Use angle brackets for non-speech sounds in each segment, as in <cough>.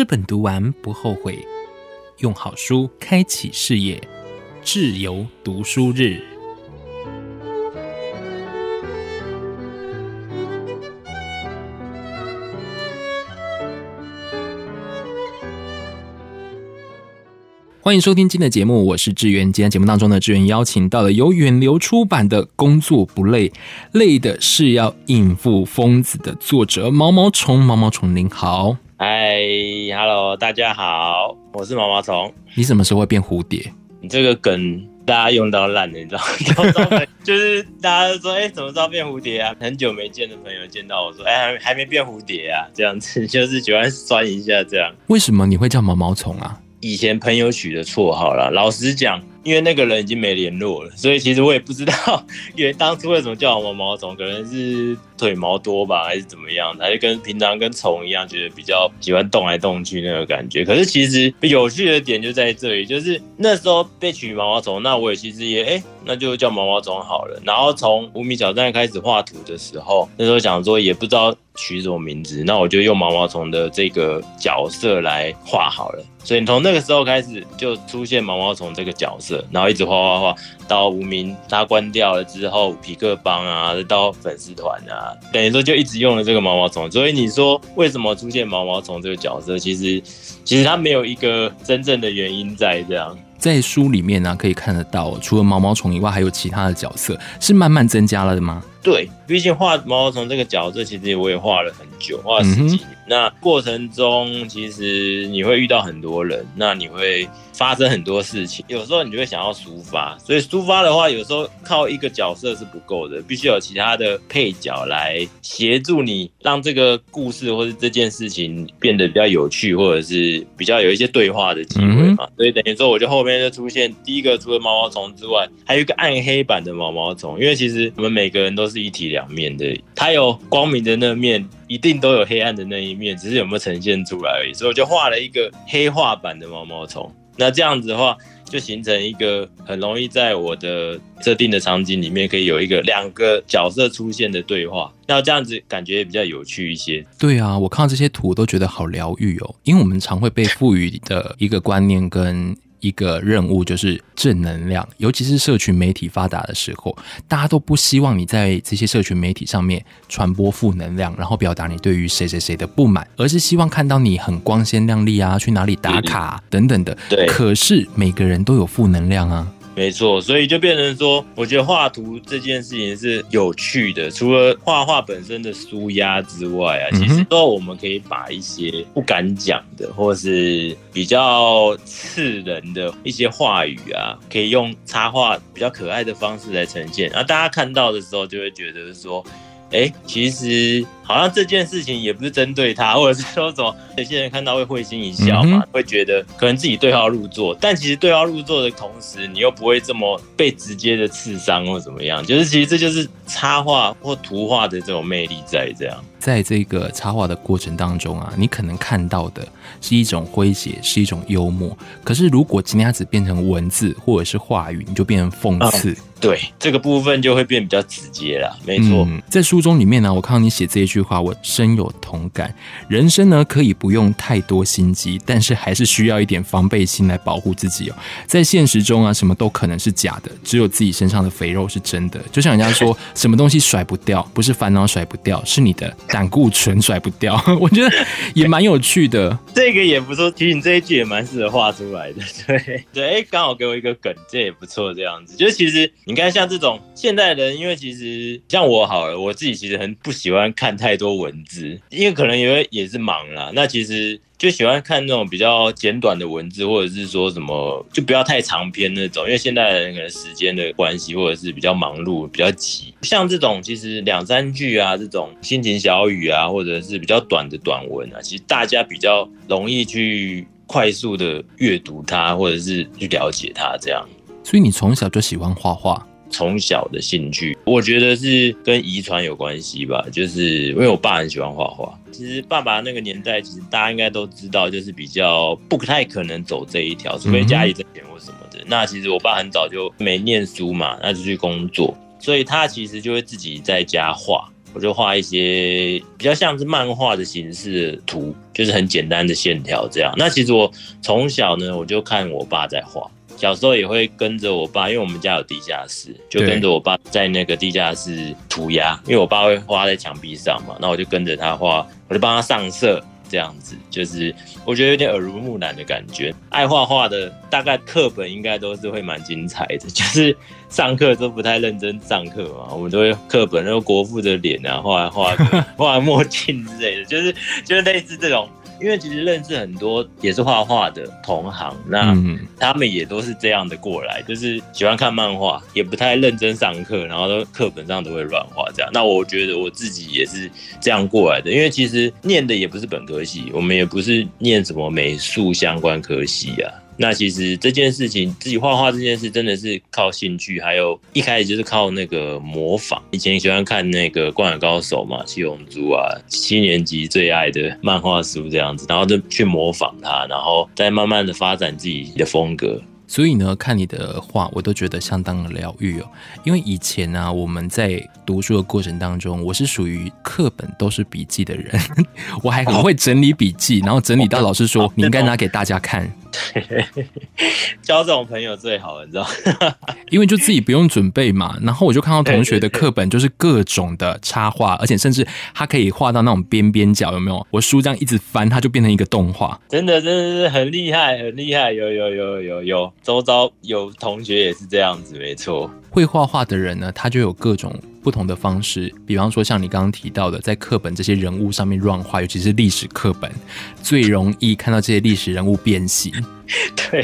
這本讀完不後悔，用好書開啟事業，智由讀書日。歡迎收聽今天的節目，我是智由，今天節目當中呢，智由邀請到了由遠流出版的《工作不累，累的是要應付瘋子》的作者毛毛蟲。毛毛蟲，您好。嗨，哈嘍大家好，我是毛毛蟲。你什麼時候會變蝴蝶？你這個梗大家用到爛了，欸，你知道嗎？ <laughs> 就是大家都說，哎，欸，怎麼知道變蝴蝶啊？很久沒見的朋友見到我說，哎，欸，還沒變蝴蝶啊？這樣子就是喜歡酸一下這樣。為什麼你會叫毛毛蟲啊？以前朋友取的綽號啦。老實講。因為那個人已經沒聯絡了，所以其實我也不知道因為當初為什麼叫毛毛蟲，可能是腿毛多吧，還是怎麼樣，還是跟平常跟蟲一樣，覺得比較喜歡動來動去那個感覺。可是其實有趣的點就在這裡，就是那時候被取毛毛蟲，那我也其實也哎、欸，那就叫毛毛蟲好了。然後從無名小站開始畫圖的時候，那時候想說也不知道取什麼名字，那我就用毛毛蟲的這個角色來畫好了。所以你從那個時候開始就出現毛毛蟲這個角色。然後一直畫畫畫，到無名他關掉了之後，痞客邦啊，到粉絲團啊，等於說就一直用了這個毛毛蟲。所以你說為什麼出現毛毛蟲這個角色？其實，其實他沒有一個真正的原因在這樣。在書裡面呢、啊，可以看得到，除了毛毛蟲以外，還有其他的角色是慢慢增加了的嗎？對，畢竟畫毛毛蟲這個角色，其實我也畫了很久，畫了十幾年。嗯那過程中，其實你會遇到很多人，那你會發生很多事情。有時候你就會想要抒發，所以抒發的話，有時候靠一個角色是不夠的，必須有其他的配角來協助你，讓這個故事或是這件事情變得比較有趣，或者是比較有一些對話的機會嘛。嗯、哼所以等於說，我就後面就出現第一個除了毛毛蟲之外，還有一個暗黑版的毛毛蟲。因為其實我們每個人都是一體兩面的，它有光明的那面。一定都有黑暗的那一面，只是有沒有呈現出來而已。所以我就畫了一個黑化版的毛毛蟲。那這樣子的話，就形成一個很容易在我的設定的場景裡面，可以有一個兩個角色出現的對話。那這樣子感覺也比較有趣一些。對啊，我看到這些圖都覺得好療癒哦，因為我們常會被賦予的一個觀念跟。一個任務就是正能量，尤其是社群媒體發達的時候，大家都不希望你在這些社群媒體上面傳播負能量，然後表達你對於誰誰誰的不滿，而是希望看到你很光鮮亮麗啊，去哪裡打卡啊，等等的。對，可是每個人都有負能量啊。沒錯，所以就變成說，我覺得畫圖這件事情是有趣的，除了畫畫本身的舒壓之外啊，其實都我們可以把一些不敢講的，或是比較刺人的一些話語啊，可以用插畫比較可愛的方式來呈現，然後，大家看到的時候就會覺得說。哎、欸，其實好像這件事情也不是針對他，或者是說什麼，有些人看到會會心一笑嘛，嗯、哼會覺得可能自己對號入座。但其實對號入座的同時，你又不會這麼被直接的刺傷或怎麼樣。就是其實這就是插畫或圖畫的這種魅力在這樣，在這個插畫的過程當中啊，你可能看到的是一種詼諧，是一種幽默。可是如果今天它只變成文字或者是話語，你就變成諷刺。嗯對這個部分就會變比較直接了，沒錯、嗯。在書中裡面呢，我看到你寫這一句話，我深有同感。人生呢，可以不用太多心機，但是還是需要一點防備心來保護自己哦。在現實中啊，什麼都可能是假的，只有自己身上的肥肉是真的。就像人家說， <laughs> 什麼東西甩不掉，不是煩惱甩不掉，是你的膽固醇甩不掉。 <laughs> 我覺得也蠻有趣的，這個也不錯，其實你這一句也蠻適合畫出來的。對對，剛好給我一個梗，這也不錯。這樣子，就其實。你看，應像這種現代人，因為其實像我，好了，我自己其實很不喜歡看太多文字，因為可能因為也是忙啦。那其實就喜歡看那種比較簡短的文字，或者是說什麼就不要太長篇那種，因為現代人可能時間的關係，或者是比較忙碌、比較急。像這種其實兩三句啊，這種心情小語啊，或者是比較短的短文啊，其實大家比較容易去快速的閱讀它，或者是去了解它這樣。所以你從小就喜歡畫畫？從小的興趣，我覺得是跟遺傳有關係吧。就是因為我爸很喜歡畫畫。其實爸爸那個年代，其實大家應該都知道，就是比較不太可能走這一條，除非家裡掙錢或什麼的。嗯哼。那其實我爸很早就沒念書嘛，那就去工作。所以他其實就會自己在家畫，我就畫一些比較像是漫畫的形式的圖，就是很簡單的線條這樣。那其實我從小呢，我就看我爸在畫。小時候也會跟着我爸，因為我們家有地下室，就跟着我爸在那個地下室塗鴉。對因為我爸會畫在牆壁上嘛，那我就跟着他畫，我就幫他上色，這樣子就是我覺得有點耳濡目染的感覺。愛畫畫的大概課本應該都是會蠻精彩的，就是。上課都不太認真上課嘛，我們都會課本，然後國父的臉啊，畫畫畫墨鏡之類的， <laughs> 就是就是類似這種。因為其實認識很多也是畫畫的同行，那他們也都是這樣的過來，就是喜歡看漫畫，也不太認真上課，然後都課本上都會亂畫這樣。那我覺得我自己也是這樣過來的，因為其實念的也不是本科系，我們也不是念什麼美術相關科系啊。那其實這件事情，自己畫畫這件事，真的是靠興趣，還有一開始就是靠那個模仿。以前喜歡看那個《灌籃高手》嘛，《七龍珠》啊，七年級最愛的漫畫書這樣子，然後就去模仿它，然後再慢慢的發展自己的風格。所以呢，看你的畫我都覺得相當的療癒哦。因為以前呢、啊，我們在讀書的過程當中，我是屬於課本都是筆記的人， <laughs> 我還很會整理筆記，oh. 然後整理到老師說 oh. Oh. Oh. 你應該拿給大家看。對，交 <laughs> 這種朋友最好，你知道 <laughs> 因為就自己不用準備嘛。然後我就看到同學的課本就是各種的插畫，而且甚至他可以畫到那種邊邊角，有沒有？我書這樣一直翻，它就變成一個動畫。真的，真的是很厲害，很厲害。有有有有有，周遭有同學也是這樣子，沒錯。會畫畫的人呢，他就有各種。不同的方式，比方說像你剛剛提到的，在課本這些人物上面亂畫，尤其是歷史課本，最容易看到這些歷史人物變形。對，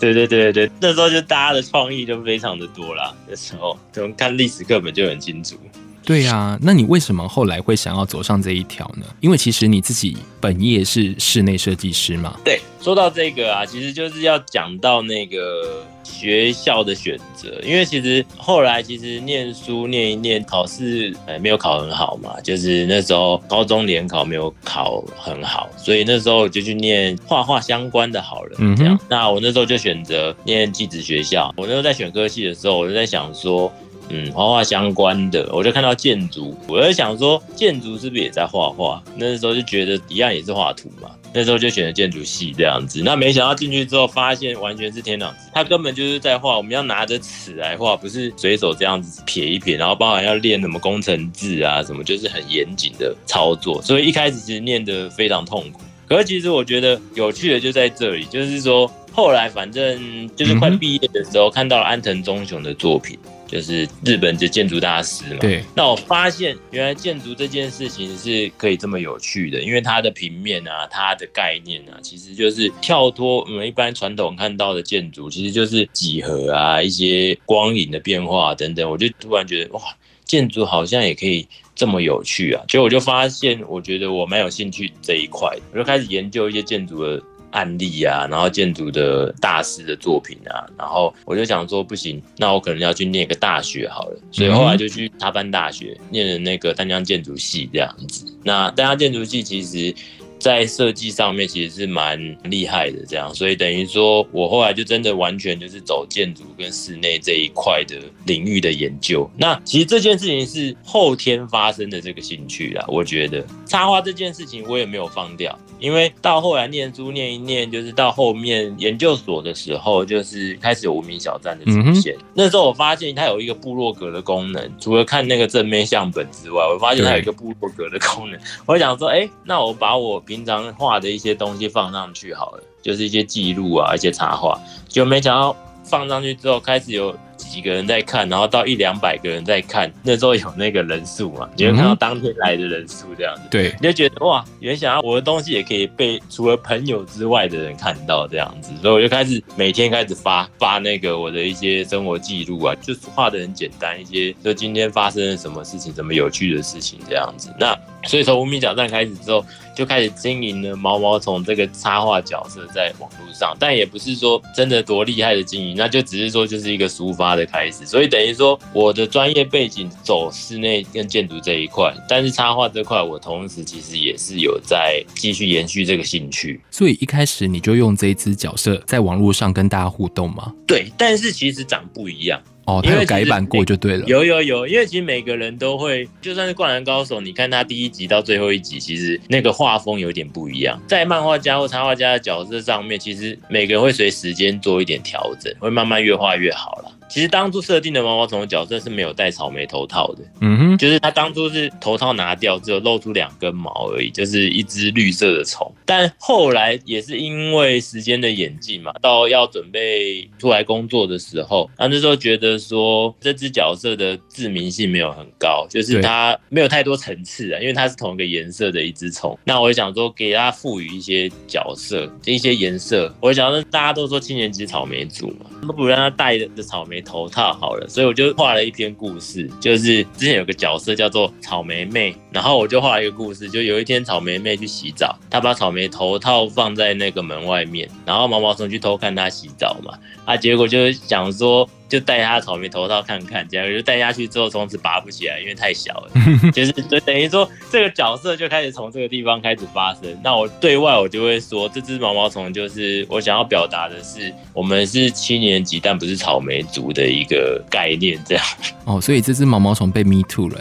對對對對對，那時候就大家的創意就非常的多了。那時候就看歷史課本就很清楚。對啊，那你為什麼後來會想要走上這一條呢？因為其實你自己本業是室內設計師嘛。對，說到這個啊，其實就是要講到那個。學校的選擇，因為其實後來其實念書念一念考試，沒有考很好嘛，就是那時候高中聯考沒有考很好，所以那時候就去念畫畫相關的好了。嗯，這樣。嗯、哼那我那時候就選擇念技職學校。我那時候在選科系的時候，我就在想說。嗯，畫畫相關的，我就看到建築，我就想說建築是不是也在畫畫？那時候就覺得一樣也是畫圖嘛，那時候就選擇建築系這樣子。那沒想到進去之後，發現完全是天壤之別，他根本就是在畫，我們要拿着尺來畫，不是隨手這樣子撇一撇，然後包含要練什麼工程字啊，什麼就是很嚴謹的操作，所以一開始其實念得非常痛苦。可是其實我覺得有趣的就在這裡，就是說。後來反正就是快畢業的時候，看到了安藤忠雄的作品，就是日本的建築大師嘛。對。那我發現原來建築這件事情是可以這麼有趣的，因為它的平面啊，它的概念啊，其實就是跳脫我們一般傳統看到的建築，其實就是幾何啊，一些光影的變化等等。我就突然覺得哇，建築好像也可以這麼有趣啊！所以我就發現，我覺得我蠻有興趣的這一塊，我就開始研究一些建築的。案例啊，然後建築的大師的作品啊，然後我就想說不行，那我可能要去念一個大學好了，所以後來就去插班大學念了那個淡江建築系這樣子。那淡江建築系其實，在設計上面其實是蠻厲害的這樣，所以等於說我後來就真的完全就是走建築跟室內這一塊的領域的研究。那其實這件事情是後天發生的這個興趣啦，我覺得插畫這件事情我也沒有放掉。因為到後來念書念一念，就是到後面研究所的時候，就是開始有無名小站的出現。嗯、哼那時候我發現它有一個部落格的功能，除了看那個正面相本之外，我發現它有一個部落格的功能。對我想說，哎、欸，那我把我平常畫的一些東西放上去好了，就是一些記錄啊，一些插畫，就沒想到放上去之後開始有。幾個人在看，然後到一兩百個人在看，那時候有那個人數嘛。你就看到當天來的人數這樣子，嗯、對，你就覺得哇，原想要我的東西也可以被除了朋友之外的人看到這樣子，所以我就開始每天開始發發那個我的一些生活記錄啊，就是畫的很簡單一些，就今天發生了什麼事情，什麼有趣的事情這樣子。那所以從無名小站開始之後，就開始經營了毛毛蟲這個插畫角色在網絡上，但也不是說真的多厲害的經營，那就只是說就是一個抒發的開始。所以等於說我的專業背景走室內跟建築這一塊，但是插畫這塊我同時其實也是有在繼續延續這個興趣。所以一開始你就用這一隻角色在網絡上跟大家互動嗎？對，但是其實長不一樣。哦，他有改版過就對了、欸。有有有，因為其實每個人都會，就算是《灌籃高手》，你看他第一集到最後一集，其實那個畫風有點不一樣。在漫畫家或插畫家的角色上面，其實每個人會隨時間做一點調整，會慢慢越畫越好了。其實當初設定的毛毛蟲的角色是沒有戴草莓頭套的，嗯哼，就是他當初是頭套拿掉，只有露出兩根毛而已，就是一隻綠色的蟲。但後來也是因為時間的演進嘛，到要準備出來工作的時候，那那時候覺得說這隻角色的致命性沒有很高，就是它沒有太多層次啊，因為它是同一個顏色的一隻蟲。那我想說，給它賦予一些角色，一些顏色。我想說大家都說七年級草莓族嘛。那不如讓他戴着草莓頭套好了，所以我就畫了一篇故事，就是之前有個角色叫做草莓妹，然後我就畫一個故事，就有一天草莓妹去洗澡，她把草莓頭套放在那個門外面，然後毛毛蟲去偷看她洗澡嘛，啊，結果就是想說。就戴他草莓頭套看看，這樣就戴下去之後，從此拔不起來，因為太小了。 <laughs> 就是就等於說，這個角色就開始從這個地方開始發生。那我對外我就會說，這隻毛毛蟲就是我想要表達的是，我們是七年級但不是草莓族的一個概念，這樣。哦，所以這隻毛毛蟲被 me too 了、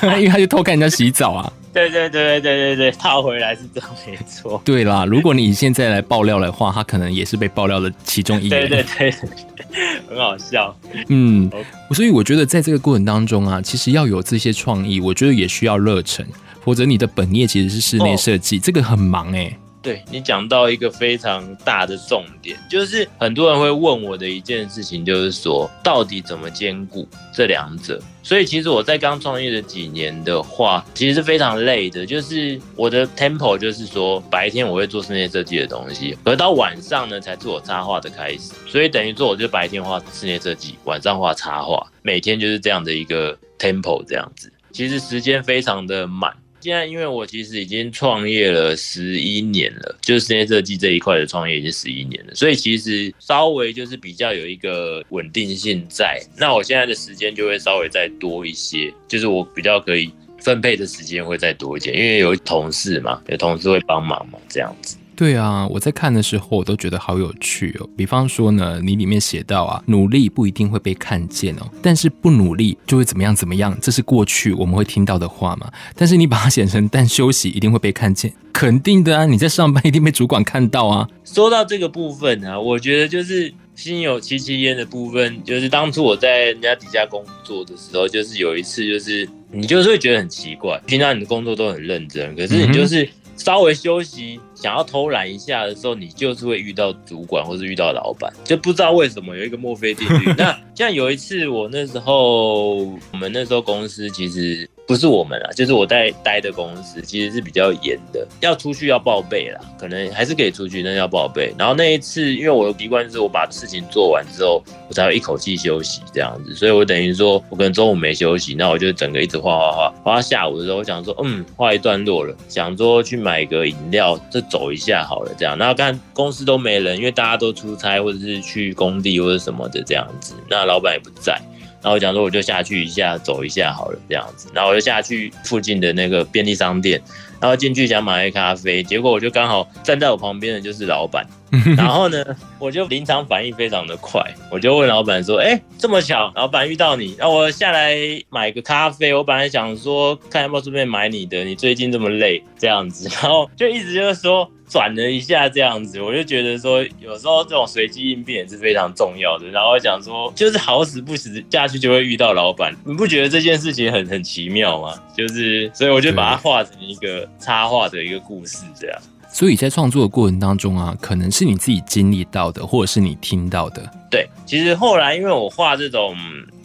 欸， <laughs> 因為他就偷看人家洗澡啊。對對對對對對，套回來是真沒錯。對啦，如果你現在來爆料的話，他可能也是被爆料的其中一個。對對對，很好笑。嗯，Okay. 所以我覺得在這個過程當中啊，其實要有這些創意，我覺得也需要熱忱，否則你的本業其實是室內設計，oh. 這個很忙哎、欸。對，你講到一個非常大的重點，就是很多人會問我的一件事情，就是說到底怎麼兼顧這兩者？所以其實我在剛創業的幾年的話，其實是非常累的。就是我的 tempo 就是說白天我會做室內設計的東西，而到晚上呢才是我插畫的開始。所以等於說我就白天畫室內設計，晚上畫插畫，每天就是這樣的一個 tempo 這樣子。其實時間非常的滿。現在因為我其實已經創業了十一年了，就是室內設計這一塊的創業已經十一年了，所以其實稍微就是比較有一個穩定性在。那我現在的時間就會稍微再多一些，就是我比較可以分配的時間會再多一點，因為有同事嘛，有同事會幫忙嘛，這樣子。對啊，我在看的時候我都覺得好有趣哦。比方說呢，你裡面寫到啊，努力不一定會被看見哦，但是不努力就會怎麼樣怎麼樣，這是過去我們會聽到的話嘛。但是你把它寫成，但休息一定會被看見，肯定的啊！你在上班一定被主管看到啊。說到這個部分呢，啊，我覺得就是心有戚戚焉的部分，就是當初我在人家底下工作的時候，就是有一次，就是你就是會覺得很奇怪，平常你的工作都很認真，可是你就是。嗯稍微休息，想要偷懶一下的時候，你就是會遇到主管，或是遇到老闆，就不知道為什麼有一個墨菲定律。 <laughs> 那像有一次，我那時候，我們那時候公司其實。不是我們啊，就是我在待，待的公司其實是比較嚴的，要出去要報備啦，可能還是可以出去，但是要報備。然後那一次，因為我的習慣是我把事情做完之後，我才有一口氣休息這樣子，所以我等於說我可能中午沒休息，那我就整個一直畫畫畫，畫到下午的時候我想說，嗯，畫一段落了，想說去買個飲料再走一下好了這樣。然後看公司都沒人，因為大家都出差或者是去工地或者什麼的這樣子，那老闆也不在。然後我講說，我就下去一下，走一下好了，這樣子。然後我就下去附近的那個便利商店，然後進去想買杯咖啡，結果我就剛好站在我旁邊的就是老闆。 <laughs> 然後呢，我就臨場反應非常的快，我就問老板說：“哎、欸，這麼巧，老板遇到你，然後我下來買個咖啡。我本來想說，看要不要順便買你的，你最近這麼累這樣子。”然後就一直就是說轉了一下這樣子，我就覺得說，有時候這種隨機應變也是非常重要的。然後我想說，就是好死不死下去就會遇到老板，你不覺得這件事情很很奇妙嗎？就是，所以我就把它畫成一個插畫的一個故事這樣。所以在創作的過程當中啊，可能是你自己經歷到的，或者是你聽到的。對，其實後來因為我畫這種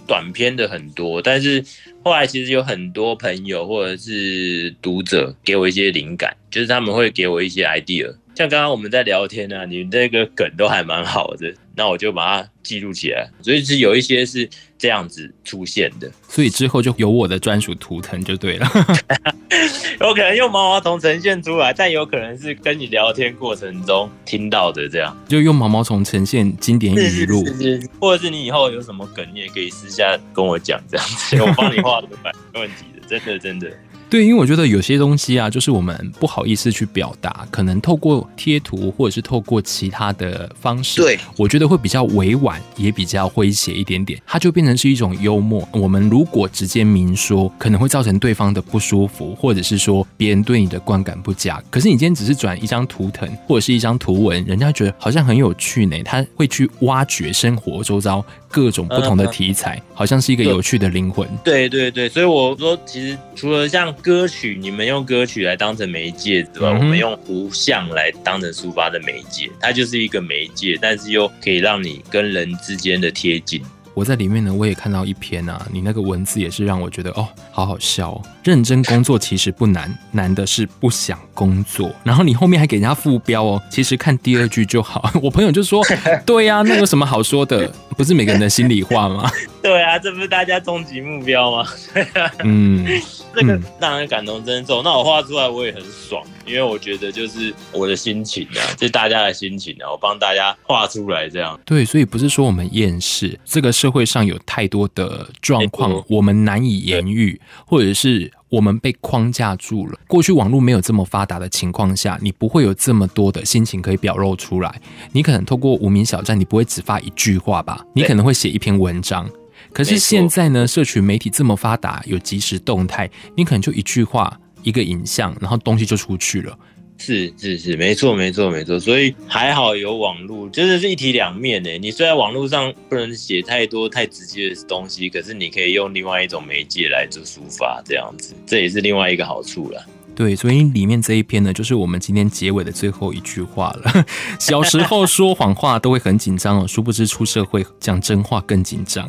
短篇的很多，但是後來其實有很多朋友或者是讀者給我一些靈感，就是他們會給我一些 idea。像剛剛我們在聊天啊，你那個梗都還蠻好的，那我就把它記錄起來。所以是有一些是這樣子出現的，所以之後就有我的專屬圖騰就對了。 <laughs> 有可能用毛毛蟲呈現出來，但有可能是跟你聊天過程中聽到的這樣，就用毛毛蟲呈現經典語錄，或者是你以後有什麼梗，你也可以私下跟我講，這樣子 <laughs> 我幫你畫出來，沒問題的，真的真的。對，因為我覺得有些東西啊，就是我們不好意思去表達，可能透過貼圖或者是透過其他的方式，對，我覺得會比較委婉，也比較詼諧一點點，它就變成是一種幽默。我們如果直接明說，可能會造成對方的不舒服，或者是說別人對你的觀感不佳。可是你今天只是轉一張圖騰或者是一張圖文，人家覺得好像很有趣呢，他會去挖掘生活周遭各種不同的題材，嗯、好像是一個有趣的靈魂。對對對，所以我說，其實除了像歌曲，你們用歌曲來當成媒介，對吧？嗯、哼我們用圖像來當成抒發的媒介，它就是一個媒介，但是又可以讓你跟人之間的貼近。我在裡面呢，我也看到一篇啊，你那個文字也是讓我覺得哦，好好笑哦。認真工作其實不難，難的是不想工作。然後你後面還給人家附標哦，其實看第二句就好。 <laughs> 我朋友就說，對呀、啊，那有什麼好說的？不是每個人的心裡話嗎？對啊，這不是大家終極目標嗎？ <laughs> 嗯，嗯 <laughs> 這個讓人感同身受。那我畫出來我也很爽，因為我覺得就是我的心情啊，就是大家的心情啊，我幫大家畫出來這樣。對，所以不是說我們厭世，這個社會上有太多的狀況，欸、我，我們難以言喻，對或者是我們被框架住了。過去網絡沒有這麼發達的情況下，你不會有這麼多的心情可以表露出來。你可能透過無名小站，你不會只發一句話吧？對你可能會寫一篇文章。可是現在呢，社群媒體這麼發達，有即時動態，你可能就一句話、一個影像，然後東西就出去了。是是是，沒錯沒錯沒錯。所以還好有網絡，就是是一體兩面耶。你雖然網絡上不能寫太多太直接的東西，可是你可以用另外一種媒介來做抒發，這樣子，這也是另外一個好處了。對，所以裡面這一篇呢，就是我們今天結尾的最後一句話了。小時候說謊話都會很緊張哦，殊不知出社會講真話更緊張，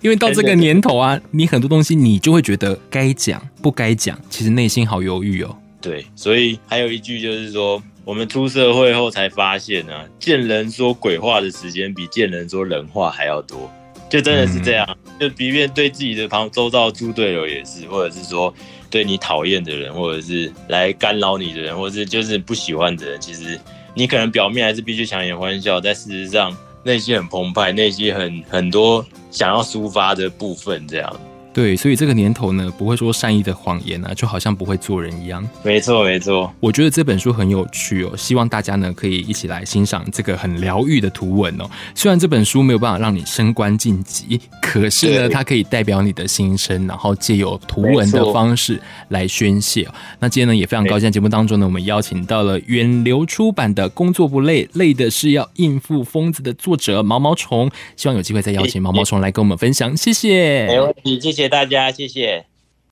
因為到這個年頭啊，你很多東西你就會覺得該講不該講，其實內心好猶豫哦。對，所以還有一句就是說，我們出社會後才發現呢、啊，見人說鬼話的時間比見人說人話還要多，就真的是這樣，就比面對自己的旁周遭豬隊友也是，或者是說。對你討厭的人，或者是來干擾你的人，或者是就是不喜歡的人，其實你可能表面還是必須強顏歡笑，但事實上內心很澎湃，內心很很多想要抒發的部分，這樣。對，所以這個年頭呢，不會說善意的謊言呢、啊，就好像不會做人一樣。沒錯，沒錯。我覺得這本書很有趣哦，希望大家呢可以一起來欣賞這個很療癒的圖文哦。雖然這本書沒有辦法讓你升官晉級，可是呢，對它可以代表你的心聲，然後借由圖文的方式來宣洩、哦。錯那今天呢也非常高興，對在節目當中呢，我們邀請到了遠流出版的《工作不累，累的是要應付瘋子》的作者毛毛蟲。希望有機會再邀請毛毛蟲來跟我們分享。謝謝。沒問題，謝謝。謝謝大家，謝謝。